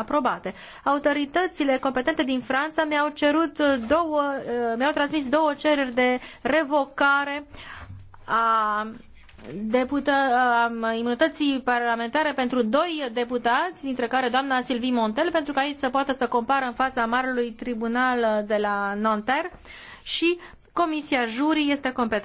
aprobate. Autoritățile competente din Franța mi-au cerut două, eh, mi-au transmis două cereri de revocare a depută, imunității parlamentare pentru doi deputați, dintre care doamna Sylvie Montel, pentru ca ei să poată să compară în fața Marelui Tribunal de la Nanterre și Comisia Jurii este competentă.